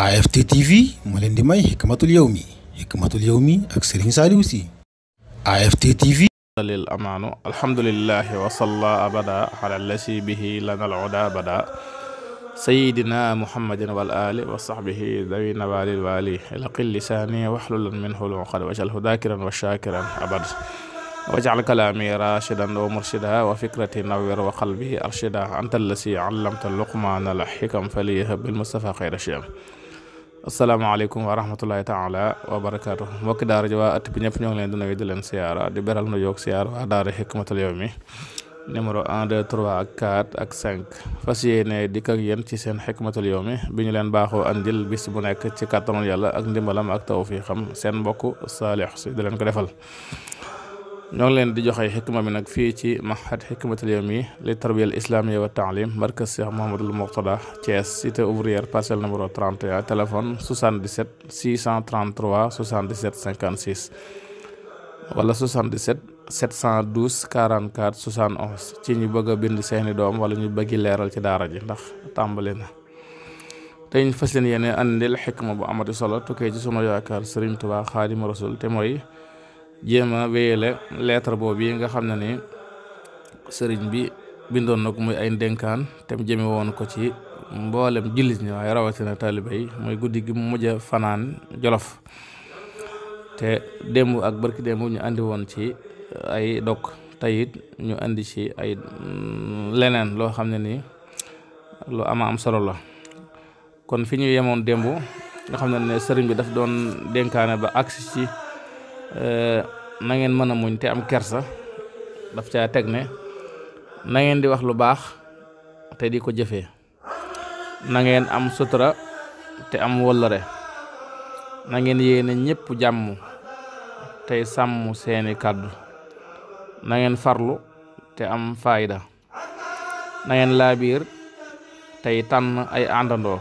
AFT TV moo leen di may Hikmatul Yawmi Hikmatul Yawmi ak Serigne Saliou Sy AFT TV lil amaanu alhamdulillahi wa salla abada ala lasi bihi lana al oda abada sayidina muhammadin wal ali wa sahbihi dawi nawalil wali laqil lisani waxlulan minhu luqad waj'alhu dakiran wa shakiran abad waj'al kalami rashidan wa murshida wa fikrati nawwir wa qalbi arshida anta allasi allamta luqmana al hikam faliyahab bil mustafa khayra shiyam asalaamaaleykum wa rahmatullahi taala wa barakaatu mbokki daara ji waa at bi ñëpp ñoom leen di nuyu di leen siyaara di beral nu yoog siyaar waa daara Hikmatul Yawmi numéro 1 2 ak 4 ak 5 fas yéene dikk ak yéen ci seen Hikmatul mi bi ñu leen baaxoo andil bis bu nekk ci kàttanul yàlla ak ndimbalam ak tawfiixam seen mbokk Saalix si di leen ko defal ñoo ngi leen di joxe xikma bi nag fii ci mahad xikmatul yawmi li tarbiyal islamiya wa taalim markaz Cheikh Mouhamadul Mourtada Thiès cité ouvrière parcelle numéro 31 téléphone 77 633 77 56 wala 77 712 44 ci ñu bëgg a bind seeni doom wala ñu bëggi leeral ci daara ji ndax tàmbali na dañ fas leen yéene andil xikma bu amati solo tukkee ci sunu yaakaar Serigne Touba Xaadimu Rasul te mooy jéem a wéyale lettre boobu yi nga xam ne ni sëriñ bi bindoon na ko muy ay ndénkaan te mu jëme woon ko ci mboolem jullit ñi waaye rawatina taalibe yi muy guddi gi mu mujj fanaan jolof te démb ak barki démb ñu indi woon ci ay dog tayit ñu indi ci ay mm, leneen loo xam ne ni loo ama am solo la kon fi ñu yemoon démb nga xam ne ne sëriñ bi daf doon dénkaane ba agsi ci Euh, na ngeen mën a muñ te am kersa daf ca teg ne nangeen di wax lu baax te di ko jëfe na ngeen am sutura te am wollare na ngeen yéene ñépp jàmm tey sàmm seeni kàddu nangeen farlu te am faayda nangeen ngeen laabiir tey tànn ay àndandoo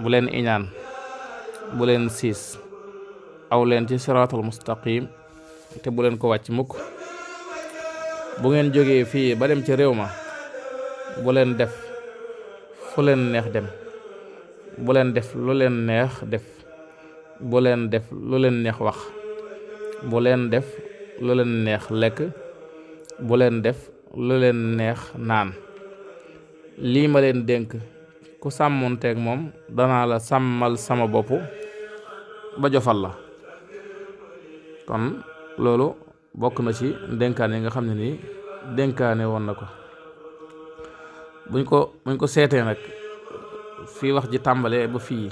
bu leen iñaan bu leen siis aw leen ci siraatul mustaqim te bu leen ko wàcc mukk bu ngeen jógee fii ba dem ci réew ma bu leen def fu leen neex dem bu leen def lu leen neex def bu def lu leen neex wax bu leen def lu leen neex lekk bu leen def lu leen neex naan lii ma leen dénk ku sàmmonteeg moom danaa la sàmmal sama boppu ba jofal la kon loolu bokk na ci dénkaane yi nga xam ne nii dénkaane woon na ko buñ ko buñ ko seetee nag fii wax ji tàmbalee ba fii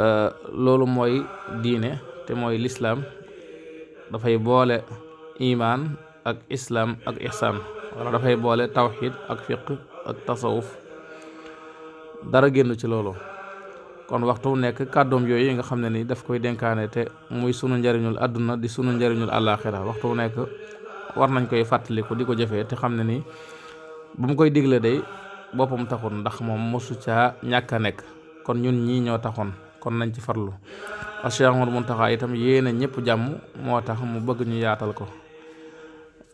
euh, loolu mooy diine te mooy lislaam dafay boole imaan ak islaam ak ihsaan wala dafay boole tawxiid ak fiq ak tasawuf dara génn ci loolu kon waxtu nekk kàddoom yooyu nga xam ne ni daf koy denkaane te muy sunu njariñul àdduna di sunu njariñul àllaaxira waxtu nekk war nañ koy fàttaliku di ko jëfee te xam ne ni ba mu koy digle day boppam taxoon ndax moom mosu caa ñàkk a nekk kon ñun ñii ñoo taxoon kon nañ ci farlu Cheikh mun Mountakha itam yéene ñëpp jàmm moo tax mu bëgg ñu yaatal ko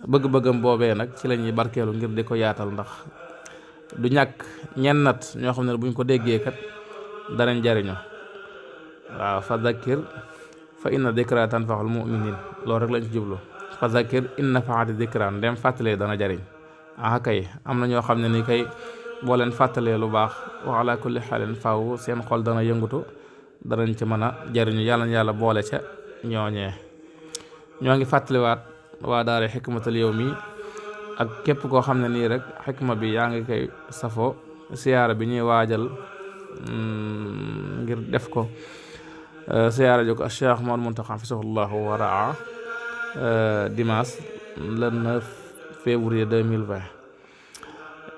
bëgg-bëggam boobe nag ci la ñuy barkeelu ngir di ko yaatal ndax du ñàkk ñennat ñoo xam ne buñ ko déggee danañ jariñu waaw fa zakkir fa inna dikra tanfaxul muminin loolu rek lañ ci jublu fa zakkir in nafaati dikra dem fàttalee dana jariñ ah kay am na ñoo xam ne ni kay boo leen fàttalee lu baax wa ala kulli xaalin faw seen xol dana yëngutu danañ ci mën a jariñu yàlla na yàlla boole ca ñooñee ñoo ngi fàttaliwaat waa daara xikmatul yawmi ak képp koo xam ne nii rek xikma bi yaa ngi koy safo siyaara bi ñuy waajal Mm, ngir def ko siyaara euh, jog a Cheikh Mouhamadou Mountakha fisahullahu wa raa euh, dimanche le 9 février 2020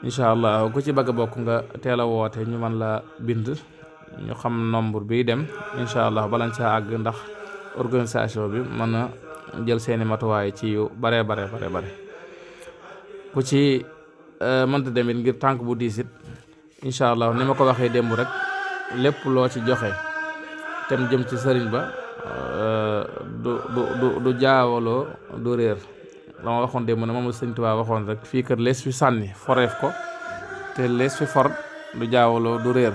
incha allah ku ci bëgg a bokk nga teel a woote ñu man la bind ñu xam nombre bi dem incha allah balañ sa àgg ndax organisation bi mën na jël seeni matuwaay ci yu bare bare bare bare ku ci euh, mënta demit ngir tànk bu diisit incha allah ni ma ko waxee démb rek lépp loo ci joxe tem jëm ci sëriñ ba euh, du du du jaawaloo du réer la waxoon démb ne moom la sëriñ Tuubaa waxoon rek fii kër lees fi sànni foreef ko te lees fi for du jaawaloo du réer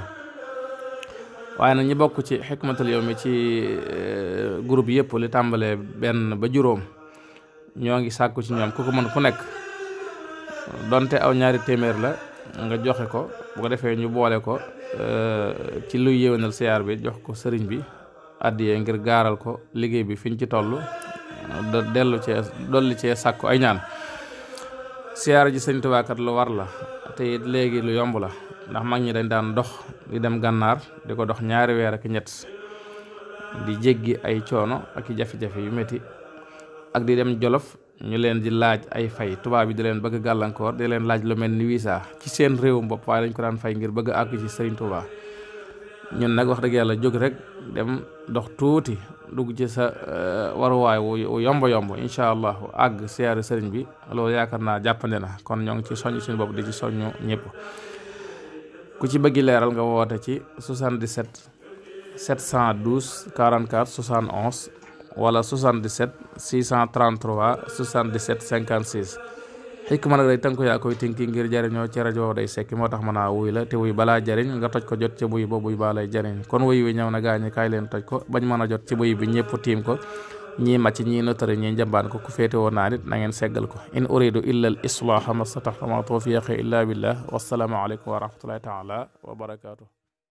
waaye nag ñi bokk ci xikmatul yawmi ci euh, groupe yëpp li tàmbalee benn ba juróom ñoo ngi sàkku ci ñoom ku ko mën ku nekk donte aw ñaari téeméer la nga joxe ko bu ko defee ñu boole ko euh, ci luy yéwénal siyaar bi jox ko sëriñ bi àddiyee ngir gaaral ko liggéey bi fiñ ci toll da dellu cee dolli cee sàkku ay ñaan siyaar ji sëñ lu war la te it léegi lu yomb la ndax mag ñi dañ daan dox di dem gànnaar di ko dox ñaari weer ak ñett di jéggi ay coono ak i jafe-jafe yu métti ak di dem jolof ñu leen di laaj ay fay tubaab yi di leen bëgg gàllankoor di leen laaj lu mel ni visa ci seen réewum bopp waaye dañ ko daan fay ngir bëgg a àgg ci Serigne Touba ñun nag wax dëgg yàlla jóg rek dem dox tuuti dugg ci sa eh, waruwaay wu yomb yomb incha allah àgg siyaare sëriñ bi loolu yaakaar naa jàppande na kon ñoo ngi ci soññ suñu bopp di ci soññu ñëpp ku ci bëgg leeral nga woote ci 77 712 44 71. wala 77 633 77 56 xikma nag day tënku yaa koy ki ngir jariñoo ci rajo day sekki moo tax mën a wuy la te wuy balaa jariñ nga toj ko jot ci buy ba buy baa lay jariñ kon wuy wi ñaw na gaañi kaay leen toj ko bañ mën a jot ci buy bi ñëpp tiim ko ñii màcc ñii notari ñii njambaan ko ku féete woon naa nangeen na ngeen seggal ko in uridu illa al islaha mastataxtama tawfiqi illa billah wasalaamu aleykum wa rahmatullahi taala wa barakaatu